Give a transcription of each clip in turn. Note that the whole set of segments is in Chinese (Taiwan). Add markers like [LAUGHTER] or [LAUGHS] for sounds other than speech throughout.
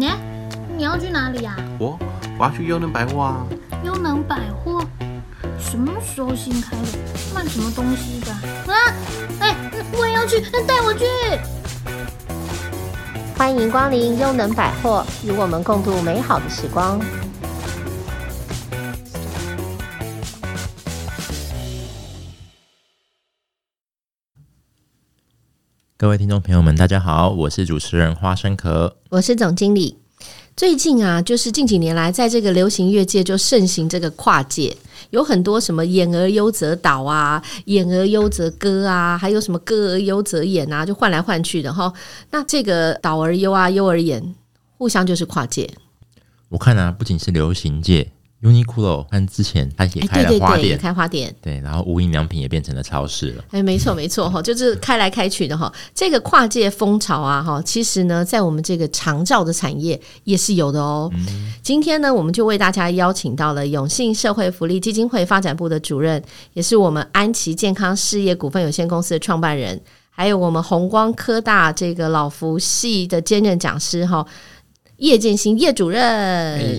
哎、欸，你要去哪裡呀、啊？我我要去優能百貨啊！優能百貨什麼時候新開的？賣什麼東西的？啊！哎、欸，我也要去，那帶我去！歡迎光臨優能百貨，與我們共度美好的時光。各位聽眾朋友們，大家好，我是主持人花生殼，我是總經理。最近啊，就是近幾年來，在這個流行樂界就盛行這個跨界，有很多什麼演而優則導啊，演而優則歌啊，還有什麼歌而優則演啊，就換來換去的哈。那這個導而優啊，優而演，互相就是跨界。我看啊，不僅是流行界。Uniqlo，但之前他也開了花店，哎，也開花店，對。然後無印良品也變成了超市了。誒、哎，沒錯沒錯哈，就是開來開去的哈。嗯、這個跨界風潮啊，哈，其實呢，在我們這個長照的產業也是有的哦。嗯、今天呢，我們就為大家邀請到了永信社會福利基金會發展部的主任，也是我們安琪健康事業股份有限公司的創辦人，還有我們弘光科大這個老福系的兼任講師哈。吼葉建鑫，葉主任、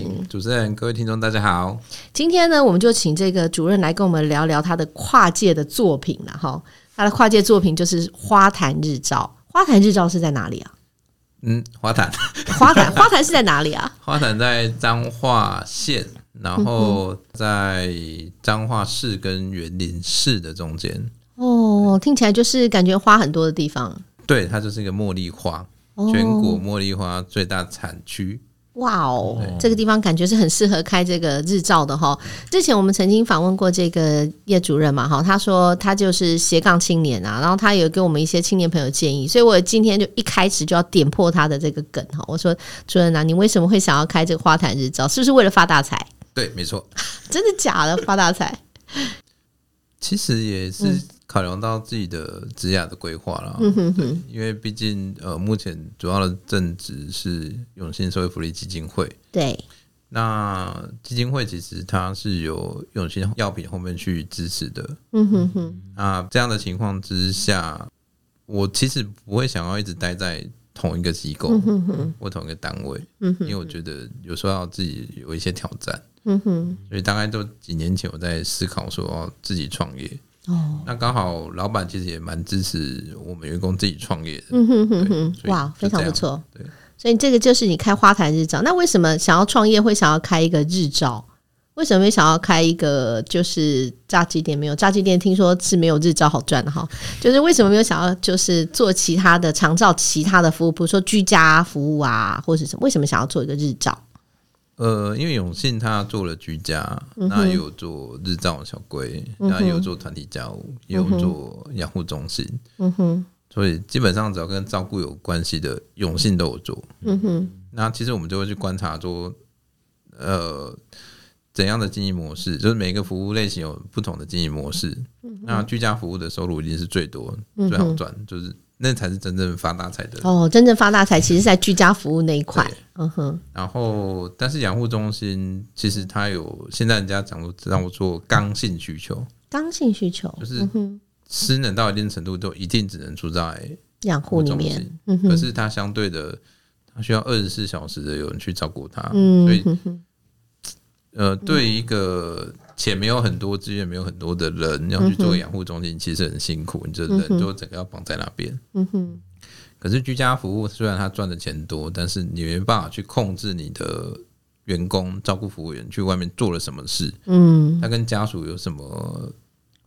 嗯，主持人，各位聽眾，大家好。今天呢，我們就請這個主任來跟我們聊聊他的跨界的作品，然後他的跨界作品就是花壇日照。花壇日照是在哪裡啊？嗯，花壇，花壇，花壇是在哪裡啊？花壇在彰化縣，然後在彰化市跟員林市的中間。哦，聽起來就是感覺花很多的地方。對，它就是一個茉莉花。全國茉莉花最大產區，哇哦 Wow, 對！這個地方感覺是很適合開這個日照的哈。之前我們曾經訪問過這個葉主任嘛，哈，他說他就是斜槓青年啊，然後他有給我們一些青年朋友建議，所以我今天就一開始就要點破他的這個梗哈。我說主任啊，你為什麼會想要開這個花壇日照？是不是為了發大財？對，沒錯。真的假的？發大財？ [LAUGHS] 其實也是、嗯。考量到自己的職業的規劃啦，因為畢竟呃，目前主要的正職是永信社會福利基金會。對，那基金會其實它是有永信藥品後面去支持的。嗯哼哼。這樣的情況之下，我其實不會想要一直待在同一個機構、嗯、哼哼或同一個單位，嗯、哼哼因為我覺得有時候自己有一些挑戰。嗯哼所以大概都幾年前，我在思考說，自己創業。哦，那剛好老闆其實也蠻支持我們員工自己創業的，嗯哼哼哼，哇，非常不錯，對，所以這個就是你開花台日照。那為什麼想要創業會想要開一個日照？為什麼沒有想要開一個就是炸雞店？沒有炸雞店，聽說是沒有日照好賺的哈。就是為什麼沒有想要就是做其他的長照其他的服務，比如說居家服務啊，或者什麼？為什麼想要做一個日照？呃，因為永信他做了居家，嗯、哼那也有做日照小規，嗯、哼那也有做團體家務，也有做養護中心，嗯哼，嗯哼，所以基本上只要跟照顧有關係的，永信都有做，嗯哼。那其實我們就會去觀察說，呃，怎樣的經營模式，就是每個服務類型有不同的經營模式。嗯、哼那居家服務的收入一定是最多、嗯、哼最好賺，就是。那才是真正發大財的哦，真正發大財，其實，在居家服務那一塊，對嗯哼。然後，但是養護中心其實它有，現在人家講說讓我做剛性需求，剛性需求就是，嗯哼，失能到一定程度，嗯、哼都一定只能住在養護裡面。嗯哼。可是它相對的，它需要二十四小時的有人去照顧它，嗯哼哼。所以。嗯哼哼呃，對一個錢沒有很多資源、嗯、沒有很多的人，要去做養護中心，嗯、哼其實很辛苦。你這人就整個要綁在那邊。嗯哼。可是居家服務雖然他賺的錢多，但是你沒辦法去控制你的員工、照顧服務員去外面做了什麼事。嗯。他跟家屬有什麼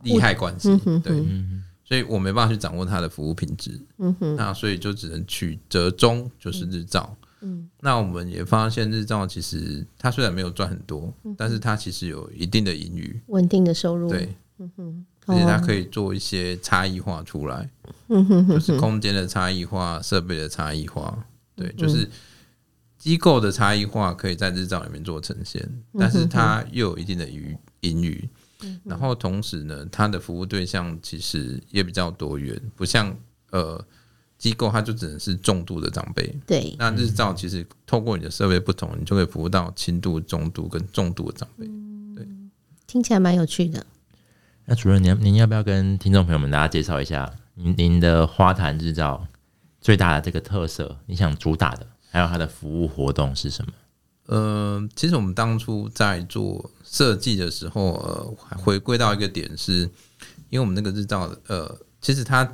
利害關係？嗯、哼對。嗯、哼所以我沒辦法去掌握他的服務品質。嗯哼。那所以就只能取折中，就是日照。那我們也發現日照其實它雖然沒有賺很多，嗯、哼但是它其實有一定的盈餘，穩定的收入。對，嗯、哼而且它可以做一些差異化出來，嗯、哼就是空間的差異化、設備的差異化，嗯、哼對，就是機構的差異化可以在日照裡面做呈現，嗯、哼但是它又有一定的餘盈餘，嗯、哼然後同時呢，它的服務對象其實也比較多元，不像呃。機構它就只能是重度的長輩，對。那日照其實透過你的設備不同，嗯、你就會服務到輕度、中度跟重度的長輩。對、嗯，聽起來蠻有趣的。那主任，您您要不要跟聽眾朋友們大家介紹一下您您的花壇日照最大的這個特色？你想主打的，還有它的服務活動是什麼？呃，其實我們當初在做設計的時候，呃，回歸到一個點是，因為我們那個日照，呃，其實它。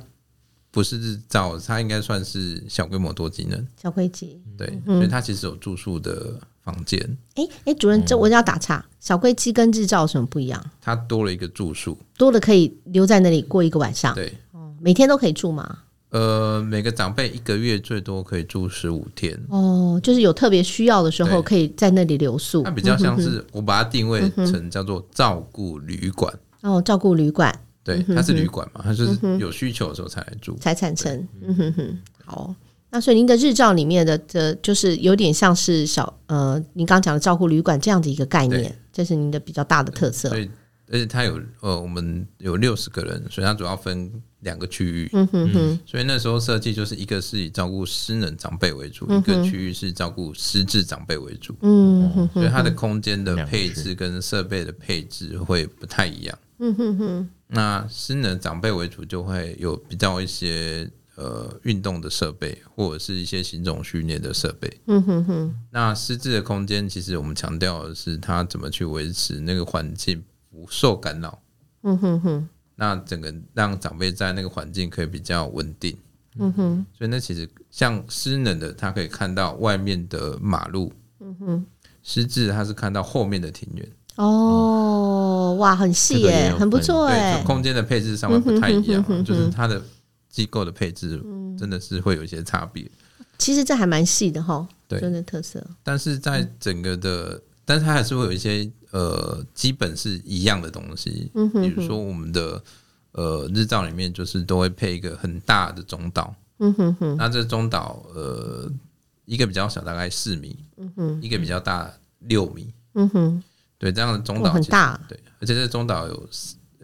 不是日照，它應該算是小規模多機能小規機，對，所以它其實有住宿的房間。哎哎，主任，這我要打岔，小規機跟日照有什麼不一樣？它多了一個住宿，多了可以留在那裡過一個晚上。對，每天都可以住嗎？呃，每個長輩一個月最多可以住十五天。哦，就是有特別需要的時候，可以在那裡留宿。它比較像是我把它定位成叫做照顧旅館。哦，照顧旅館。對，它是旅館嘛，嗯、哼它就是有需求的時候才來住。才產生，對嗯哼哼。好，那所以您的日照裡面的，這就是有點像是小呃，您剛講的照顧旅館這樣的一個概念，對這是您的比較大的特色。對，所以，而且它有呃，我們有六十個人，所以它主要分兩個區域。嗯哼哼。所以那時候設計就是一個是以照顧失能長輩為主，嗯、哼一個區域是照顧失智長輩為主。嗯哼哼，哼嗯。所以它的空間的配置跟設備的配置會不太一樣。嗯哼哼。嗯哼哼。那失能的長輩為主，就會有比較一些呃運動的設備，或者是一些行走訓練的設備。嗯哼哼。那失智的空間，其實我們強調的是，他怎麼去維持那個環境不受干擾。嗯哼哼。那整個讓長輩在那個環境可以比較穩定。嗯哼。所以那其實像失能的，他可以看到外面的馬路。嗯哼。失智他是看到後面的庭院。哦，哇，很細耶，很不錯耶。空間的配置上面不太一樣，就是它的機構的配置真的是會有一些差別。其實這還蠻細的哈，真的特色。但是在整個的，但是它還是會有一些呃，基本是一樣的東西。比如說我們的呃日照裡面，就是都會配一個很大的中島。那這中島呃，一個比較小，大概四米。一個比較大，六米。對，這樣的中島、哦、很大、啊，而且這個中島有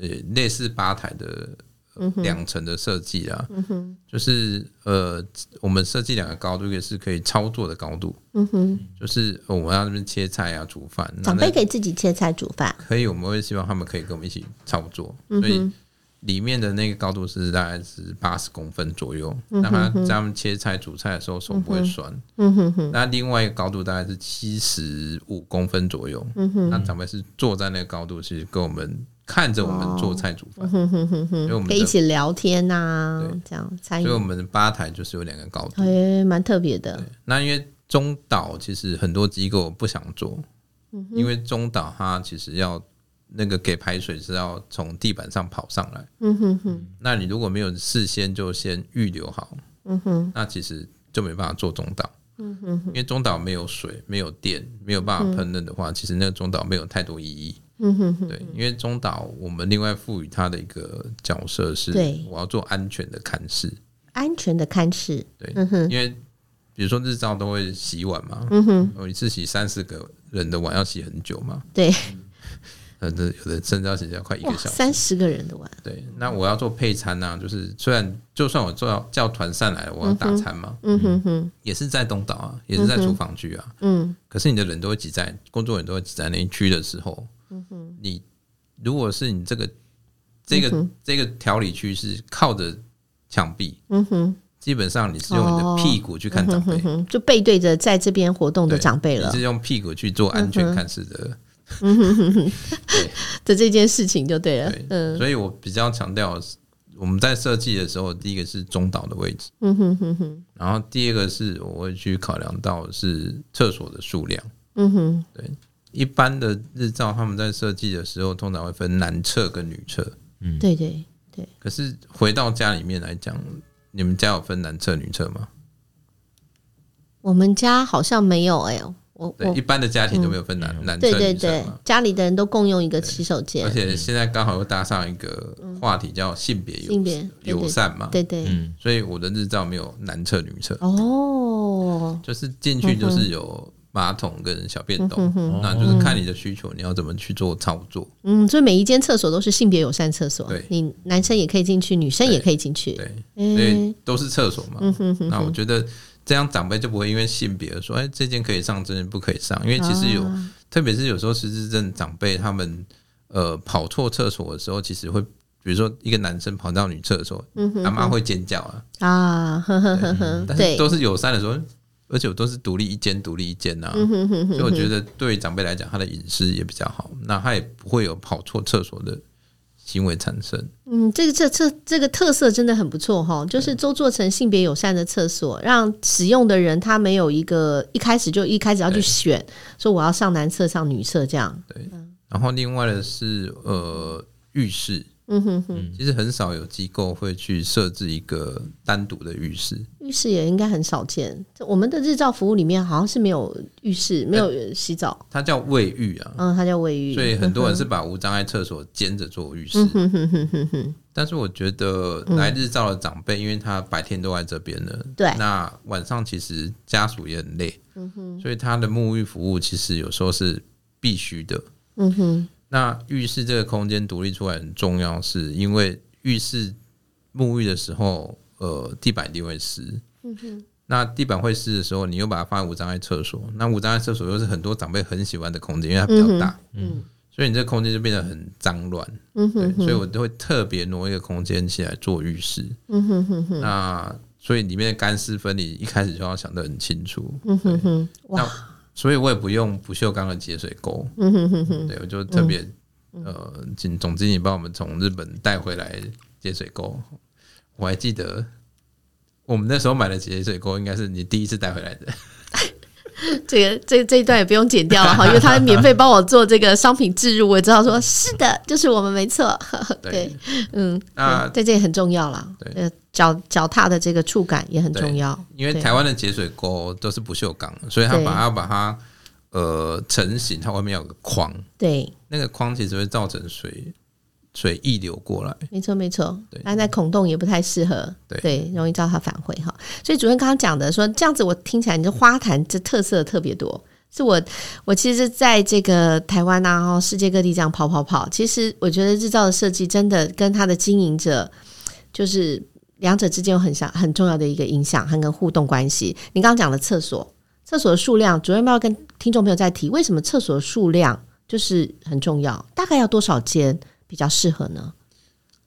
呃類似吧台的、嗯、哼兩層的設計啊，嗯、哼就是呃我們設計兩個高度，一個是可以操作的高度，嗯、哼就是我們要在這邊切菜啊、煮飯，長輩可以自己切菜煮飯，那那可以，我們會希望他們可以跟我們一起操作，嗯、哼所以。裡面的那個高度是大概是八十公分左右，讓、嗯、他咱們切菜煮菜的時候、嗯、哼手不會酸。嗯、哼哼那另外一個高度大概是七十五公分左右。嗯、哼哼那咱們是坐在那個高度，是跟我們看着我們做菜煮飯。因、哦嗯、哼我哼，哼。為我們可以一起聊天吶、啊，對這樣，所以我們的吧台就是有兩個高度。哎、欸，蠻特別的。那因為中島其實很多機構不想做，嗯、哼因為中島它其實要。那個給排水是要從地板上跑上來，嗯，那你如果沒有事先就先預留好，嗯，那其實就沒辦法做中島，嗯，因為中島沒有水、沒有電、沒有辦法烹飪的話，其實那個中島沒有太多意義。嗯，對，因為中島我們另外賦予它的一個角色是，我要做安全的看視，安全的看視，對，嗯，因為比如說日照都會洗碗嘛，嗯，我一次洗三四個人的碗要洗很久嘛，對。呃，這有的盛餐時間快一個小時，三十個人的碗。對。那我要做配餐呢、啊，就是雖然就算我做到叫團膳來我要打餐嘛，嗯哼嗯哼，嗯、也是在東島啊，嗯、哼也是在廚房區啊嗯，嗯。可是你的人都會擠在工作人員都會擠在那一區的時候，嗯哼。你如果是你這個這個這個調理區是靠着牆壁，嗯哼，嗯哼基本上你是用你的屁股去看長輩、哦嗯嗯，就背對着在這邊活動的長輩了，你是用屁股去做安全看視的。嗯嗯哼哼哼， [LAUGHS] [LAUGHS] 這件事情就對了。對嗯，所以我比較強調，我們在設計的時候，第一個是中島的位置，嗯哼哼哼，然後第二個是我會去考量到是廁所的數量，嗯哼，對。一般的日照，他們在設計的時候，通常會分男廁跟女廁，嗯，對對對。可是回到家裡面來講，你們家有分男廁女廁嗎？我們家好像沒有、欸，哎呦。對一般的家庭都沒有分男男廁，嗯，對對對，家裡的人都共用一個洗手間，而且現在剛好又搭上一個話題叫性別性別友善嘛，嗯、對，對對，對對對嗯，所以我的日照沒有男廁女廁，哦，就是進去就是有馬桶跟小便斗，那、嗯、就是看你的需求，你要怎麼去做操作，嗯，所以每一間廁所都是性別友善廁所，對，你男生也可以進去，女生也可以進去，對，對，所以都是廁所嘛，那、嗯、我覺得。這樣長輩就不會因為性別說，哎，這間可以上，這間不可以上，因為其實有，啊、特別是有時候失智症長輩他們，呃，跑錯廁所的時候，其實會，比如說一個男生跑到女廁所，他媽、嗯、會尖叫啊，啊，呵呵呵呵，嗯、但是都是友善的說，對而且我都是獨立一間，獨立一間啊，嗯、哼哼哼哼所以我覺得對長輩來講，他的隱私也比較好，那他也不會有跑錯廁所的。行為產生，嗯，這個這這這個特色真的很不錯哈，就是都做成性別友善的廁所，對讓使用的人他沒有一個一開始就一開始要去選，對說我要上男廁上女廁這樣。對，然後另外的是呃浴室。對浴室嗯哼哼，其實很少有機構會去設置一個單獨的浴室，浴室也應該很少見。我們的日照服務裡面好像是沒有浴室，沒有洗澡，呃、它叫衛浴啊。嗯，它叫衛浴，所以很多人是把無障礙廁所兼着做浴室。嗯哼哼哼哼哼。但是我覺得來日照的長輩，嗯、因為他白天都在這邊的，對，那晚上其實家屬也很累，嗯哼，所以他的沐浴服務其實有時候是必須的。嗯哼。那浴室這個空間獨立出來很重要，是因為浴室沐浴的時候，呃，地板一定會濕。嗯哼那地板會濕的時候，你又把它放在無障礙廁所，那無障礙廁所又是很多長輩很喜歡的空間，因為它比較大。嗯哼。所以你這個空間就變得很髒亂。嗯哼對，所以我都會特別挪一個空間起來做浴室。嗯哼哼哼。那所以裡面的乾濕分離，一開始就要想得很清楚。嗯哼哼。哇。所以我也不用不鏽鋼的節水溝。嗯、哼哼哼對，我就特別，嗯、呃，總總經理幫我們從日本帶回來節水溝，我還記得，我們那時候買的節水溝應該是你第一次帶回來的。這個這這一段也不用剪掉了哈，因為他免費幫我做這個商品置入， [LAUGHS] 我也知道說是的，就是我們沒錯，對，呵呵對嗯，啊，在、嗯、這也很重要啦。對，腳腳踏的這個觸感也很重要，因為台灣的節水溝都是不鏽鋼，所以他把它把它對呃成型，它外面有個框，對，那個框其實會造成水。水溢流過來沒？沒錯沒錯，但在孔洞也不太適合，對，對，容易遭他返回哈。所以主任剛剛講的說這樣子，我聽起來，你這花壇這特色特別多。嗯、是我我其實在這個台灣啊，世界各地這樣跑跑跑，其實我覺得日照的設計真的跟它的經營者就是兩者之間有很像很重要的一個影響，很跟互動關係。你剛剛講的廁所，廁所的數量，主任要不要跟聽眾朋友再提？為什麼廁所數量就是很重要？大概要多少間？比較適合呢？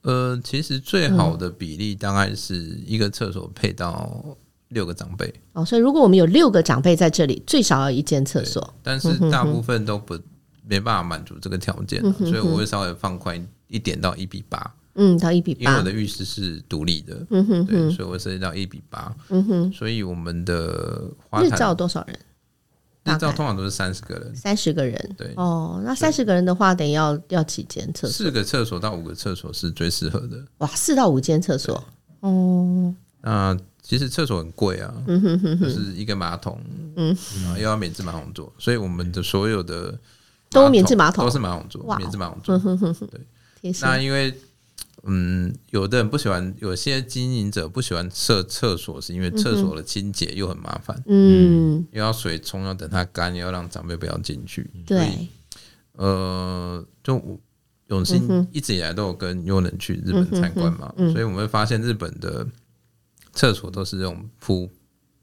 呃，其實最好的比例大概是一個廁所配到六個長輩哦，所以如果我們有六個長輩在這裡，最少要一間廁所。但是大部分都不、嗯、哼哼沒辦法滿足這個條件，嗯、哼哼所以我會稍微放寬一點到一比八。嗯，到一比八，因為我的浴室是獨立的。嗯哼，哼，對，所以我設定到一比八。嗯哼，所以我們的花日照多少人？知道通常都是三十個人，三十個人對哦。那三十個人的話，等於要幾間廁所？四個廁所到五個廁所是最適合的。哇，四到五間廁所哦。那其實廁所很貴啊，就是一個馬桶，嗯，又要免治馬桶座，所以我們的所有的都免治馬桶，都是馬桶座，免治馬桶座，對。那因為。嗯，有的人不喜歡，有些經營者不喜歡設廁所，是因為廁所的清潔又很麻煩。嗯哼，嗯、又要水沖，要等它乾，又要讓長輩不要進去。對，呃，就永信一直以來都有跟優能去日本參觀嘛，嗯哼嗯哼嗯，所以我們會發現日本的廁所都是這種鋪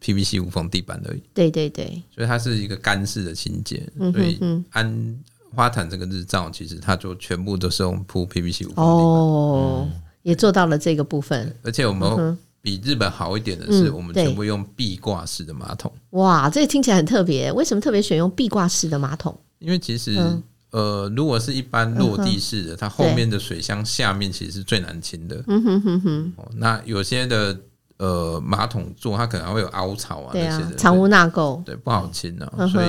PVC 無縫地板的。對對對，所以它是一個乾式的清潔，所以安。花壇這個日照，其實它就全部都是用鋪 PVC 屋面哦，也做到了這個部分。而且我們比日本好一點的是，我們全部用壁掛式的馬桶。哇，這個聽起來很特別。為什麼特別選用壁掛式的馬桶？因為其實呃，如果是一般落地式的，它後面的水箱下面其實是最難清的。嗯哼哼哼。那有些的呃馬桶座，它可能還會有凹槽啊，對啊。藏污納垢，對，不好清啊，所以。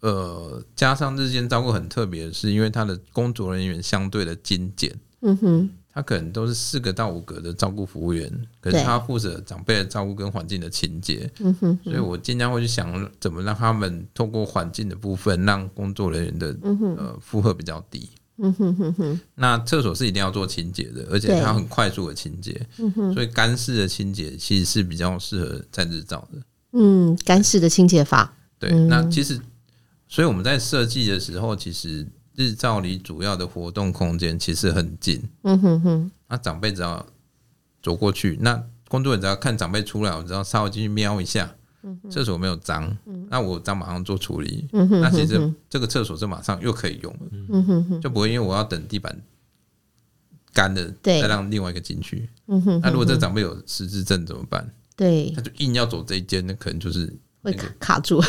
呃，加上日間照顧很特別，是因為他的工作人員相對的精簡。嗯哼，他可能都是四個到五個的照顧服務員，對可是他負責長輩的照顧跟環境的清潔。嗯哼、哼，所以我經常會去想怎麼讓他們透過環境的部分，讓工作人員的嗯哼，呃，負荷比較低。嗯哼哼、哼。那廁所是一定要做清潔的，而且它很快速的清潔。對嗯哼，所以乾式的清潔其實是比較適合在日照的。嗯，乾式的清潔法對。對，嗯、哼那其實所以我們在設計的時候，其實日照離主要的活動空間其實很近。嗯哼哼，那、啊、長輩只要走過去，那工作人員只要看長輩出來，我只要稍微進去瞄一下，廁、嗯、哼所沒有髒，嗯、那我再馬上做處理。嗯、哼哼哼那其實這、這個廁所就馬上又可以用了。嗯哼哼，就不會因為我要等地板乾了，嗯、哼哼再讓另外一個進去。對嗯哼哼那如果這長輩有失智症怎麼辦？對，他就硬要走這一間，那可能就是。卡住，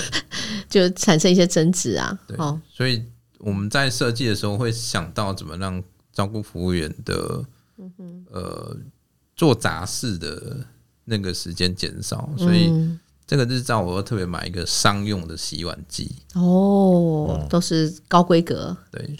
就產生一些爭執啊。對，哦、所以我們在設計的時候會想到怎麼讓照顧服務員的，嗯、哼呃，做雜事的那個時間減少。嗯、所以這個日照，我都特別買一個商用的洗碗機。哦，嗯、都是高規格。對，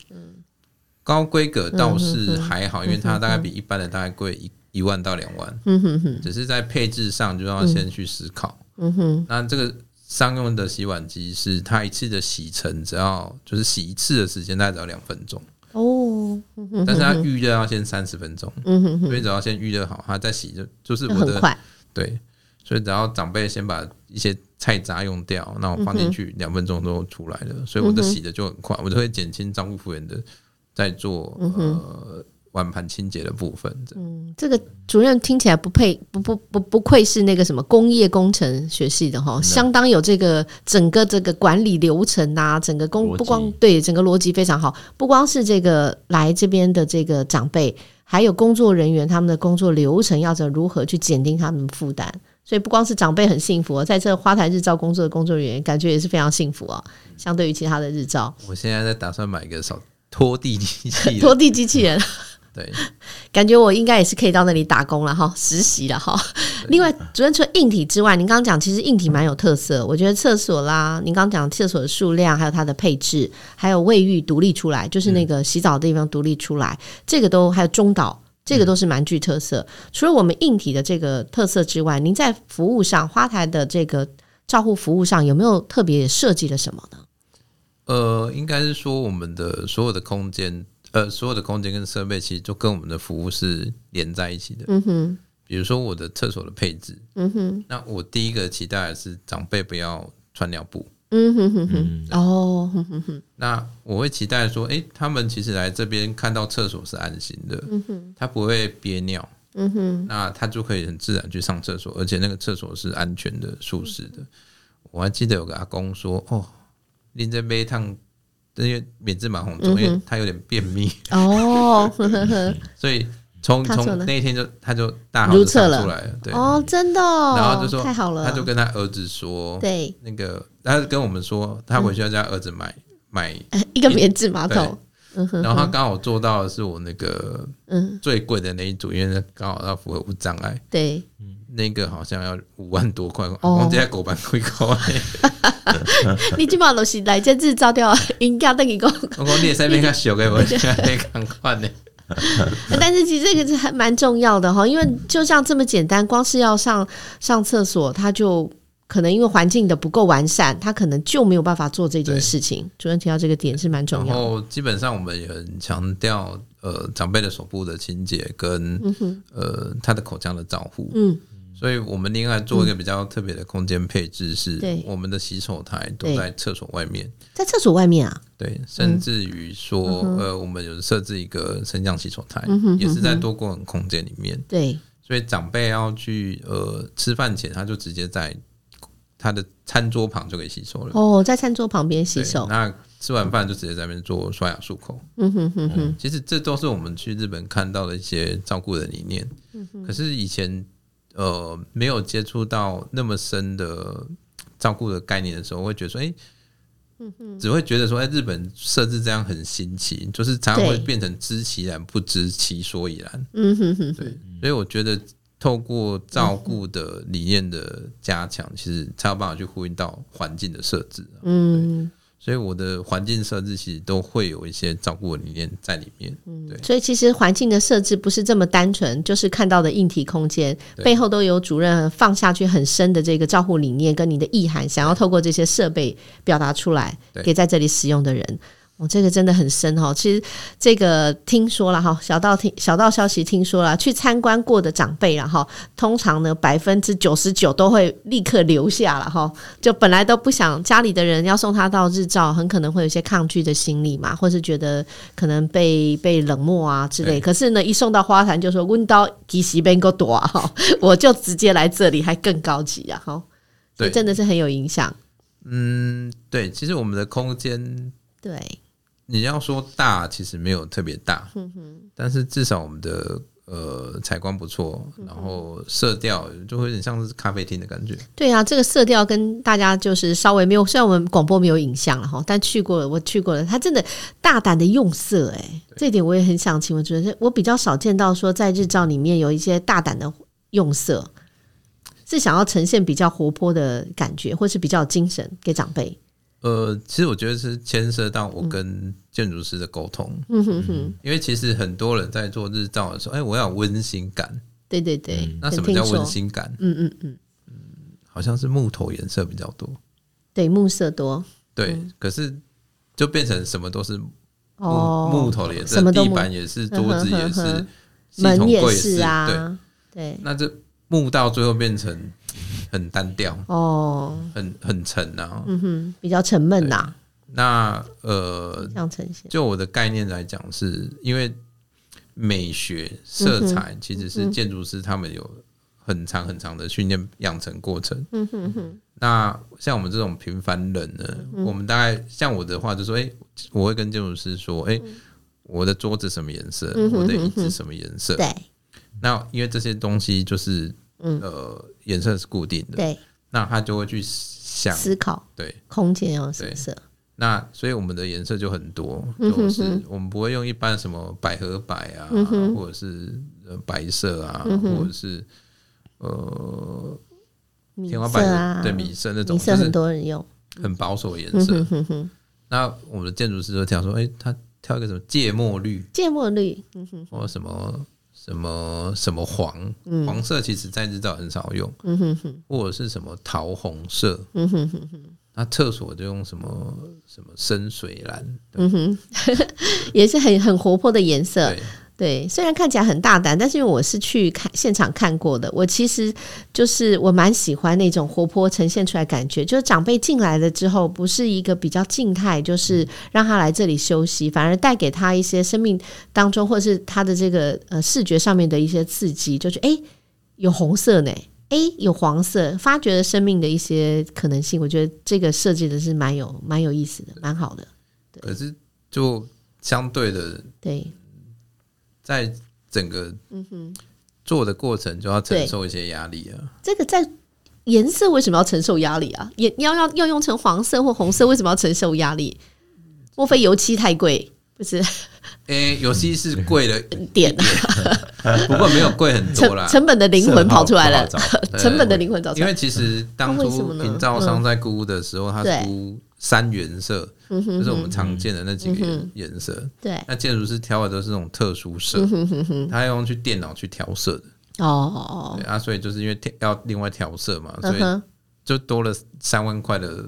高規格倒是還好，嗯、哼哼因為它大概比一般的大概貴一一萬到兩萬。嗯哼哼，只是在配置上就要先去思考。嗯，嗯哼，那這個。商用的洗碗機是它一次的洗程只要就是洗一次的時間大概只要兩分鐘哦，嗯、哼哼但是，它預熱要先三十分鐘，嗯、哼哼所以只要先預熱好，它再洗就就是我的很快對，所以只要長輩先把一些菜渣用掉，那我放進去兩分鐘就出來了，嗯、哼所以我的洗的就很快，我就會減輕照服員的在做呃。嗯碗盤清潔的部分。嗯，這個主任聽起來不配，不不不不愧是那個什麼工業工程學系的哈，嗯、的相當有這個整個這個管理流程啊，整個工不光輯對，整個邏輯非常好，不光是這個來這邊的這個長輩，還有工作人員他們的工作流程要怎如何去減輕他們的負擔，所以不光是長輩很幸福，啊，在這花壇日照工作的工作人員感覺也是非常幸福啊。相對於其他的日照，我現在在打算買一個掃拖地機器， [LAUGHS] 拖地機器人。 [LAUGHS] 對，感覺我應該也是可以到那裡打工了哈，實習了哈。對另外，主要除了硬體之外，您剛講其實硬體蠻有特色。我覺得廁所啦，您剛講廁所的數量，還有它的配置，還有衛浴獨立出來，就是那個洗澡的地方獨立出來，嗯、這個都還有中島，這個都是蠻具特色。嗯、除了我們硬體的這個特色之外，您在服務上，花台的這個照護服務上，有沒有特別設計了什麼呢？呃，應該是說我們的所有的空間。呃，所有的空間跟設備其實就跟我們的服務是連在一起的。嗯哼，比如說我的廁所的配置，嗯哼，那我第一個期待的是長輩不要穿尿布。嗯哼哼哼，哦，哼哼哼，那、哦、那我會期待說，哎、欸，他們其實來這邊看到廁所是安心的。嗯、哼他不會憋尿。嗯哼，那他就可以很自然去上廁所，而且那個廁所是安全的、舒適的。嗯、哼我還記得有個阿公說，哦，您這每趟。因為免治馬桶，因為他有點便秘哦，所以從從那一天就他就大號，就出來了，對哦，真的，然後就說太好了，他就跟他兒子說，對，那個他就跟我們說，他回去要叫他兒子買買一個免治馬桶。然後他剛好做到的是我那個嗯最貴的那一組，嗯、因為剛好他符合無障礙。對、嗯，那個好像要五萬多塊，哦、我只、哦、 [LAUGHS] 在狗班高過。你起碼都是來這日照掉了，人家等於講。我講你身邊較小的，我現在在看慣呢。但是其實這個是還蠻重要的、哦、因為就像這麼簡單，光是要上上廁所，他就。可能因為環境的不夠完善，他可能就沒有辦法做這件事情。主任對提到這個點是蠻重要的。然後基本上我們也很強調，呃，長輩的手部的清潔跟、嗯、哼呃他的口腔的照護。嗯，所以我們另外做一個比較特別的空間配置是，嗯、我們的洗手台都在廁所外面，在廁所外面啊。對，甚至於說，嗯、哼呃，我們有設置一個升降洗手台，嗯、哼哼也是在多功能空間裡面。對，所以長輩要去呃吃飯前，他就直接在。他的餐桌旁就可以洗手了。哦，在餐桌旁邊洗手，那吃完飯就直接在那邊做刷牙漱口。Okay. 嗯哼哼哼、嗯，其實這都是我們去日本看到的一些照顧的理念。嗯哼，可是以前呃沒有接觸到那麼深的照顧的概念的時候，我會覺得說，哎、欸，嗯哼只會覺得說，哎、欸，日本設置這樣很新奇，就是常常會變成知其然對不知其所以然。嗯哼哼，對，所以我覺得。透過照顧的理念的加強，嗯、其實才有辦法去呼應到環境的設置。嗯，所以我的環境設置其實都會有一些照顧的理念在裡面。嗯，對，所以其實環境的設置不是這麼單純，就是看到的硬體空間對背後都有主任放下去很深的這個照顧理念跟你的意涵，想要透過這些設備表達出來，給在這裡使用的人。哦，這個真的很深哦。其實這個聽說了哈，小道聽小道消息聽說了，去參觀過的長輩了哈，通常呢百分之九十九都會立刻留下了哈。就本來都不想家裡的人要送他到日照，很可能會有些抗拒的心理嘛，或是覺得可能被被冷漠啊之類。欸、可是呢，一送到花壇就說「Win 到吉西躲啊！夠多」，我就直接來這裡，還更高級啊！哈，對，真的是很有影響。嗯，對，其實我們的空間對。你要說大，其實沒有特別大，嗯、哼但是至少我們的呃採光不錯，嗯、哼然後色調就會有點像是咖啡廳的感覺。對啊，這個色調跟大家就是稍微沒有，雖然我們廣播沒有影像了哈，但去過了，我去過了，它真的大膽的用色。欸，哎對，這點我也很想請問主持人，我比較少見到說在日照裡面有一些大膽的用色，是想要呈現比較活潑的感覺，或是比較精神給長輩？呃，其實我覺得是牽涉到我跟建築師的溝通，因為其實很多人在做日照的時候，哎，我要溫馨感，對對對，那什麼叫溫馨感？嗯嗯嗯，好像是木頭顏色比較多，對，木色多，對，可是就變成什麼都是木木頭的顏色，地板也是，桌子也是，系統櫃也是，門也是啊，對對，那這木到最後變成。很單調哦，很很沉啊，嗯哼，比較沉悶吶，啊。那呃，就我的概念來講，是、嗯、哼因為美學色彩其實是建築師他們有很長很長的訓練養成過程。嗯哼嗯哼。那像我們這種平凡人呢，嗯、哼我們大概像我的話就說，哎、欸，我會跟建築師說，欸嗯、哼我的桌子什麼顏色，嗯、哼我的椅子什麼顏色、嗯。對。那因為這些東西就是。嗯，呃，顏色是固定的，對，那他就會去想思考，對，空間有什麼色？那所以我們的顏色就很多，就是我們不會用一般什麼百合白啊，或者是白色啊，或者是呃，天花板啊，對，米色那種，就是很多人用，很保守的顏色。那我們的建築師就挑說，哎，他挑一個什麼芥末綠？芥末綠，嗯哼，或什麼？什麼什麼黃，黃色其實在日照很少用，嗯、哼哼或者是什麼桃紅色，那嗯啊、廁所就用什麼什麼深水藍，嗯、哼 [LAUGHS] 也是很很活潑的顏色。對，雖然看起來很大膽，但是因為我是去看現場看過的，我其實就是我蠻喜歡那種活潑呈現出來的感覺。就是長輩進來了之後，不是一個比較靜態，就是讓他來這裡休息，反而帶給他一些生命當中或者是他的這個呃視覺上面的一些刺激，就是哎、欸、有紅色呢，哎、欸、有黃色，發掘了生命的一些可能性。我覺得這個設計的是蠻有蠻有意思的，蠻好的。對，可是就相對的，對。在整個嗯哼做的過程，就要承受一些壓力啊、嗯。這個在顏色為什麼要承受壓力啊？要要要用成黃色或紅色，為什麼要承受壓力？莫非油漆太貴？不是？誒、欸，油漆是貴了、嗯、一點，不過沒有貴很多啦。成、成本的靈魂跑出來了，成本的靈魂找出來了。因為其實當初營造商在估的時候，嗯、他估。三原色就是我們常見的那幾個顏色。對，那建築師挑的都是那種特殊色，他要用去電腦去調色。哦哦哦，對啊，所以就是因為要另外調色嘛，所以就多了三萬塊的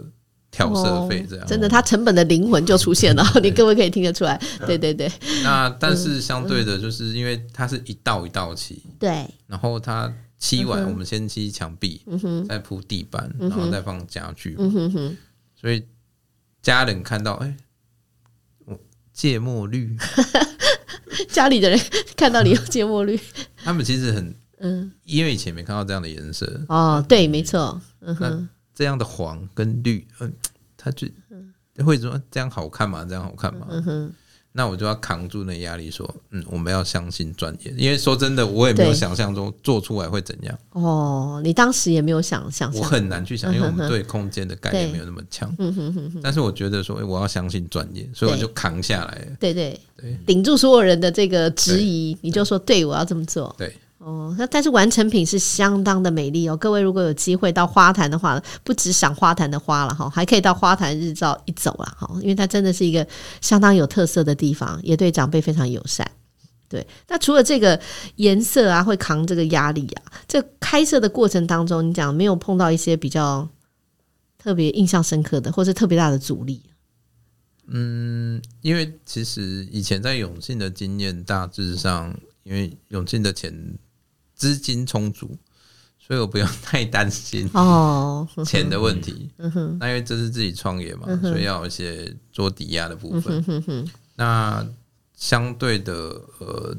調色費。這樣，真的，它成本的靈魂就出現了。你各位可以聽得出來，對對對。那但是相對的，就是因為它是一道一道漆，對，然後它漆完，我們先漆牆壁，再鋪地板，然後再放家具，所以。家人看到哎，我、欸、芥末綠， [LAUGHS] 家裡的人看到你有芥末綠，他們其實很嗯，因為以前沒看到這樣的顏色哦，對，沒錯，嗯哼，那這樣的黃跟綠，嗯、呃，他就會說，這樣好看嗎？這樣好看嗎？嗯哼。那我就要扛住那壓力說，說嗯，我們要相信專業，因為說真的，我也沒有想象中做出來會怎樣。哦，你當時也沒有想象，我很難去想，嗯、哼哼因為我們對空間的概念沒有那麼強。嗯、哼哼但是我覺得說，欸、我要相信專業，所以我就扛下來了對。對對對，對，頂住所有人的這個質疑，你就說，對，我要這麼做。對。哦，那但是完成品是相當的美麗哦。各位如果有機會到花壇的話，不只賞花壇的花了哈，還可以到花壇日照一走啦，哈，因為它真的是一個相當有特色的地方，也對長輩非常友善。對，那除了這個顏色啊，會扛這個壓力啊，這開設的過程當中，你講沒有碰到一些比較特別印象深刻的，或是特別大的阻力？嗯，因為其實以前在永信的經驗，大致上，因為永信的錢。資金充足，所以我不用太擔心哦，錢的問題。哦、呵呵，那因為這是自己創業嘛，嗯、哼所以要有一些做抵押的部分。嗯嗯、那相對的，呃，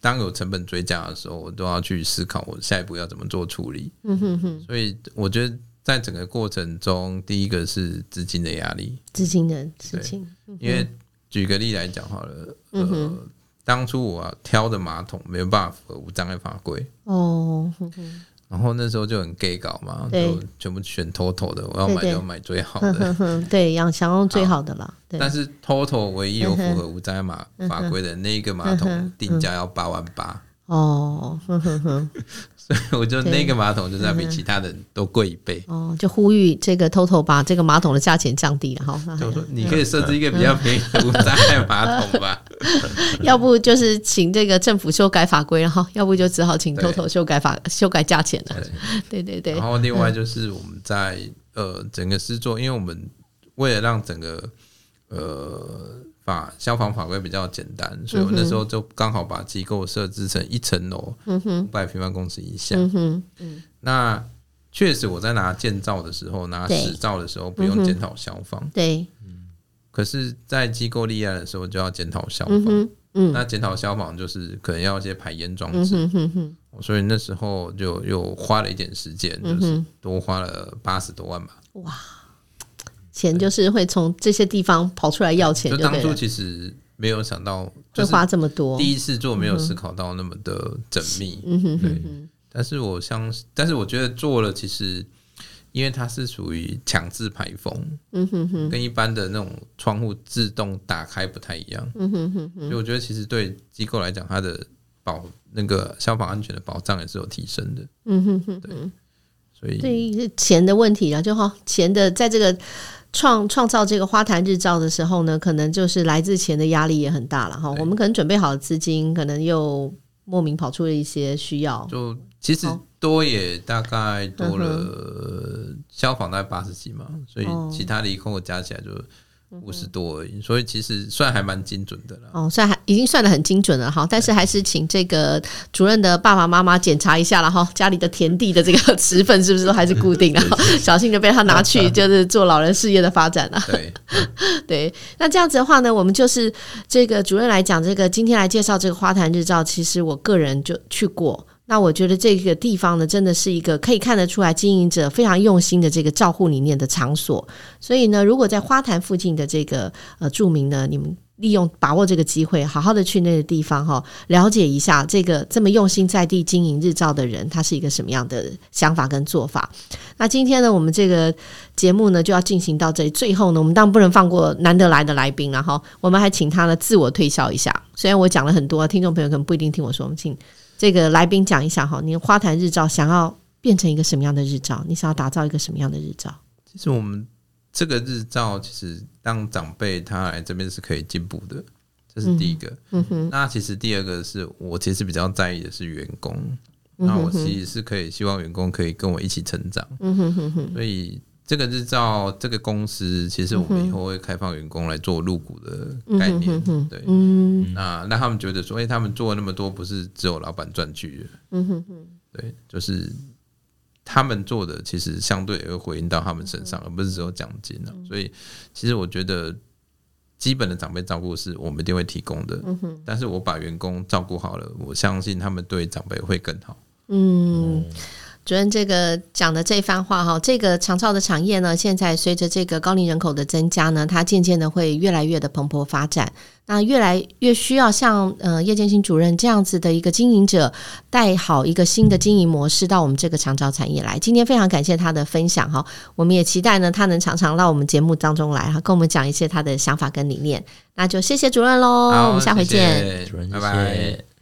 當有成本追加的時候，我都要去思考我下一步要怎麼做處理。嗯嗯、所以我覺得在整個過程中，第一個是資金的壓力，資金的事情。對嗯、哼因為舉個例來講好了，呃。嗯當初我、啊、挑的馬桶沒有辦法符合無障礙法規哦，呵呵然後那時候就很 gay 搞嘛，對就全部選 TOTO 的，我要買就要買最好的，對,對，想用最好的啦。但是 TOTO 唯一有符合無障礙、嗯嗯、法法規的那一個馬桶定價要八萬八。嗯哦呵呵呵， [LAUGHS] 所以我就那個馬桶就是要比其他的人都貴一倍。哦、嗯，就呼籲這個 TOTO 把這個馬桶的價錢降低了哈，就說你可以設置一個比較便宜的無障礙馬桶吧。嗯嗯、 [LAUGHS] 要不就是請這個政府修改法規，然後要不就只好請 TOTO 修改法對修改價錢了。對對對、對。然後另外就是我們在呃整個製作，因為我們為了讓整個呃。把消防法規比較簡單，所以我那時候就剛好把機構設置成一層樓，五百平方公尺以下。那確實我在拿建造的時候，拿使照的時候不用檢討消防。對，可是，在機構立案的時候就要檢討消防。那檢討消防就是可能要一些排煙裝置。所以那時候就又花了一點時間，就是多花了八十多萬吧。哇。錢就是會從這些地方跑出來要錢就。就當初其實沒有想到會花這麼多。第一次做沒有思考到那麼的縝密，嗯、哼哼哼對。但是我相，但是我覺得做了，其實因為它是屬於強制排風，嗯哼哼，跟一般的那種窗戶自動打開不太一樣，嗯哼哼、哼。所以我覺得其實對機構來講，它的保那個消防安全的保障也是有提升的，嗯哼哼、哼。對，所以對於錢的問題啊，就好錢的在這個。創創造這個花壇日照的時候呢，可能就是來自錢的壓力也很大了哈。對我們可能準備好的資金，可能又莫名跑出了一些需要。就其實多也大概多了消防大概八十幾嘛，嗯、哼所以其他的一共加起來就。五十多而已，所以其實算還蠻精準的了。哦，算還已經算得很精準了哈。但是還是請這個主任的爸爸媽媽檢查一下了哈，然後家裡的田地的這個持份是不是都還是固定啊？然後小心就被他拿去就是做老人事業的發展了。 [LAUGHS] 對，對，對，對，那這樣子的話呢，我們就是這個主任來講，這個今天來介紹這個花壇日照，其實我個人就去過。那我覺得這個地方呢，真的是一個可以看得出來經營者非常用心的這個照護理念的場所。所以呢，如果在花壇附近的這個呃住民呢，你們利用把握這個機會，好好的去那個地方哈、哦，了解一下這個這麼用心在地經營日照的人，他是一個什麼樣的想法跟做法。那今天呢，我們這個節目呢就要進行到這裡。最後呢，我們當然不能放過難得來的來賓了哈。我們還請他呢自我推銷一下。雖然我講了很多，聽眾朋友可能不一定聽我說，我們請。這個來賓講一下哈，你的花壇日照想要變成一個什麼樣的日照？你想要打造一個什麼樣的日照？其實我們這個日照，其實讓長輩他來這邊是可以進步的，這是第一個。嗯，嗯哼。那其實第二個是我其實比較在意的是員工，那、嗯、哼我其實是可以希望員工可以跟我一起成長。嗯哼哼、嗯、哼。所以。這個日照這個公司，其實我們以後會開放員工來做入股的概念，嗯嗯嗯、對，那讓他們覺得說，哎、欸，他們做了那麼多，不是只有老闆賺錢，嗯哼對，就是他們做的，其實相對也會回應到他們身上，嗯、哼而不是只有獎金呢、啊。嗯、所以，其實我覺得基本的長輩照顧是我們一定會提供的，嗯、哼但是我把員工照顧好了，我相信他們對長輩會更好，嗯。嗯主任，這個講的這番話哈，這個長照的產業呢，現在隨着這個高齡人口的增加呢，它漸漸的會越來越的蓬勃發展。那越來越需要像呃葉建鑫主任這樣子的一個經營者，帶好一個新的經營模式到我們這個長照產業來。今天非常感謝他的分享哈，我們也期待呢他能常常到我們節目當中來，哈，跟我們講一些他的想法跟理念。那就謝謝主任嘍，好我們下回見，謝謝拜拜。